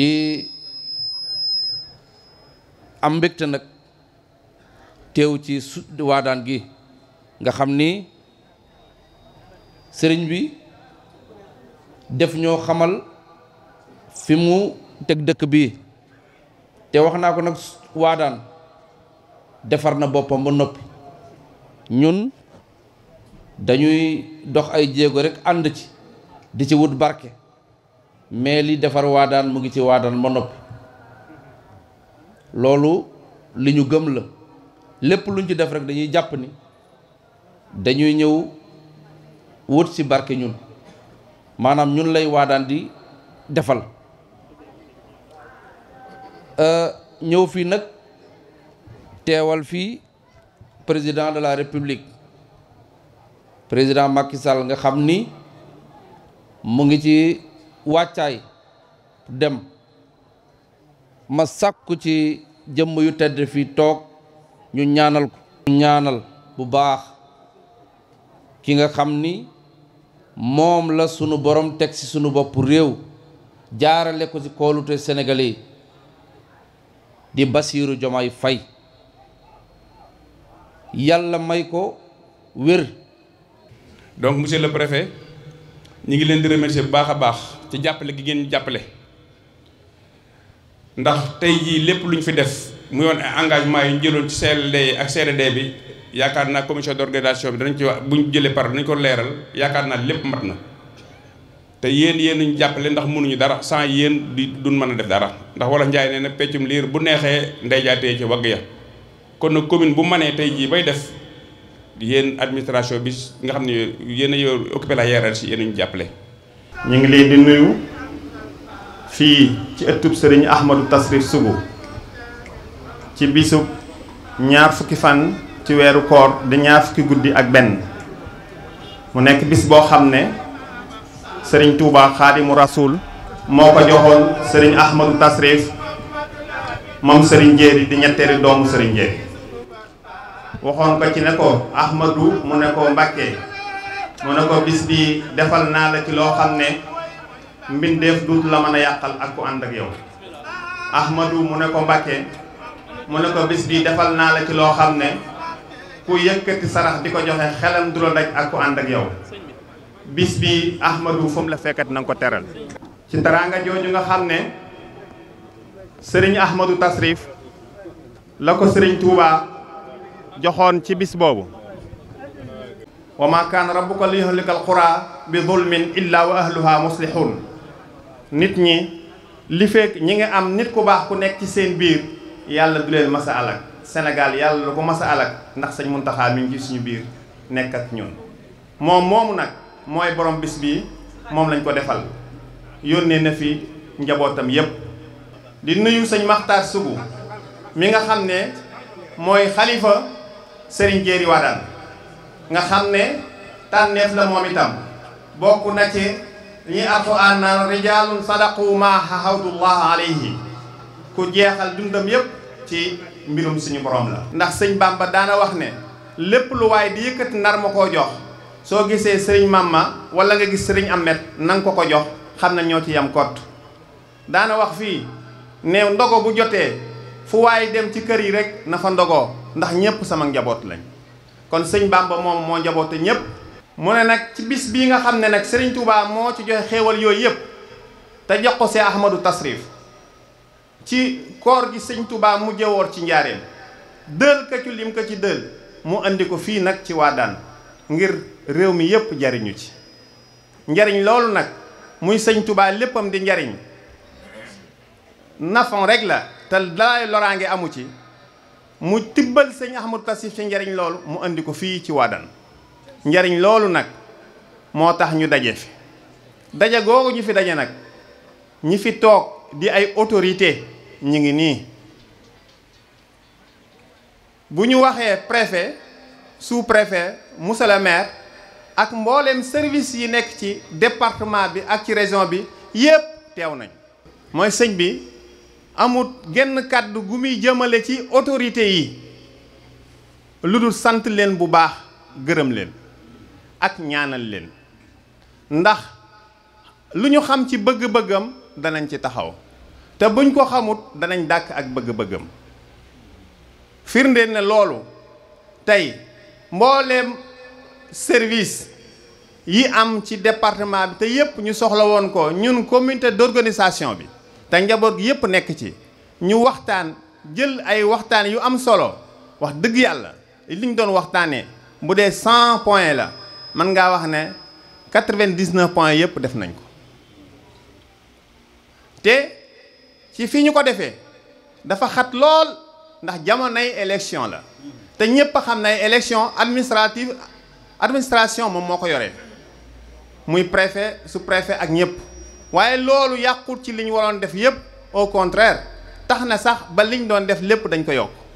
di am mbégte nak tew ci wadan gi nga xamni serigne bi def ño xamal fi mu teg bi te waxna ko nak wadan defar na bopam ba nopi ñun dañuy dox ay jéego rek and ci di ci wut barke mais li defar waadaan mu ngi ci waadaan ba noppi loolu li ñu gëm la lépp luñ ci def rek dañuy jàpp ni dañuy ñëw wut ci barke ñun maanaam ñun lay waadaan di defal euh, ñëw fii nag teewal fii président de la république président Macky nga xam ni mu ngi ci wàccaay dem ma sakku ci jëm yu tedd fi tok ñu ñaanal ko ñaanal bu baax ki nga xamni mom la suñu borom tek ci suñu bop rew jaarale ko ci koolute Sénégalais di basiru jomay Fay yalla may ko wër donc monsieur le préfet ñi ngi leen di remercier baaxa baax ci jàppale gi ngeen jàppale ndax tey jii lépp lu ñu fi def mu yoon engagement yi ñu jëloon ci CLD ak CRD bi yaakaar naa commission d'organisation bi danañ ci wax bu ñu jëlee par danañ ko leeral yaakaar naa lépp mat na te yéen yéen ñu jàppale ndax mënuñu dara sans yéen di duñ mën a def dara ndax wala njaay nee na peccum liir bu neexee ndey jaatee ci wagg ya kon nag commune bu mënee tey jii bay def yéen administration bi nga xam ne yéen a yor occupé la hiérarchie ñu jàppale ñu ngi leen di nuyu fii ci ëttub sëriñ Ahmadou Tasrif Sougou ci bisub ñaar fukki fan ci weeru koor di ñaar fukki guddi ak benn mu nekk bis boo xam ne sëriñ Touba Xaadimu Rasuul moo ko joxoon sëriñ Ahmadou Tasrif moom sëriñ Jéeri di ñetteeli doomu sëriñ Jéeri waxoon ko ci ne ko Ahmadou mu ne ko Mbàkke mu ne ko bis bi defal naa la ci loo xam ne mbindeef duut la mën a yàqal ak ku ànd ak yow ahmadou mu ne ko mbàkke mu ne ko bis bi defal naa la ci loo xam ne ku yëkkati sarax di ko joxe xelam du la daj ak ku ànd ak yow bis bi ahmadou fu mu la fekkati na ko teral ci teraanga jooju nga xam ne sëriñ ahmadou tasrif la ko sëriñ Touba joxoon ci bis boobu wa ma kaana rabbuka liyuhlikal qura bi zulmin illa wa ahluha muslihun nit ñi li fek ñi nga am nit ku baax ku nekk ci seen biir yàlla du leen masa alak Sénégal yàlla lu ko masa alak ndax sëñ Muntaxa mi ngi ci suñu biir nekk ak ñun moom borom bis bi lañ ko defal na fi di nuyu sëñ Sugu mi nga xam ne mooy Serigne nga xamne tanef la moom itam bokku na ci ni afu an rijalun sadaqu ma haudullah alayhi ku jeexal dundam yeb ci mbirum suñu borom la ndax señ Bamba dana wax ne lepp lu way di yëkkati nar ma koo jox so gisee señ Mamma wala nga gis señ Amet nang ko ko jox xamna na ci yam kott dana wax fi ne ndogo bu jotee fu way dem ci kër yi rek na fa ndogo ndax ñepp sama njabot lañ kon sëñ Bamba moom moo njaboote ñépp mu ne nag ci bis bii nga xam ne nag sëriñ Touba moo ci joxe xéewal yooyu yëpp te jox ko see Ahmadou Tasrif ci koor gi sëñ tubaa mu jëwoor ci njaareem dël ka ci lim ka ci dël mu indi ko fii nag ci waadaan ngir réew mi yëpp jariñu ci njariñ loolu nag muy sëñ Touba léppam di njariñ nafon rek la te laay ngi amu ci mu tibbal sëñ Ahmadou Tassif ci njariñ loolu mu indi ko fii ci waadan njariñ loolu nag moo tax ñu daje fi daje googu ñu fi daje nag ñi fi toog di ay autorité ñu ngi nii bu ñu waxee préfet su préfet monsieur le ak mbooleem service yi nekk ci département bi ak ci région bi yépp teew nañ mooy sëñ bi amut genn kàddu gu muy jëmale ci autorité yi lu dul sant leen bu baax gërëm leen ak ñaanal leen ndax lu ñu xam ci bëgg-bëggam danañ ci taxaw te buñ ko xamut danañ dàkk ak bëgg-bëggam firnde ne loolu tey mbooleem service yi am ci département bi te yépp ñu soxla woon ko ñun comité d'organisation bi te njaboot gi yëpp nekk ci ñu waxtaan jël ay waxtaan yu am solo wax dëgg yàlla li ñu doon waxtaanee bu dee 100 points la mën ngaa wax ne 99 points yëpp def nañ ko te ci fi ñu ko defee dafa xat lool ndax jamonoy élection la te ñëpp a xam ne élection administrative administration moom moo ko yoree muy préfet su préfet ak ñëpp. waaye loolu yàqul ci li ñu waroon def yépp au contraire tax na sax ba liñ doon def lépp dañ ko yokk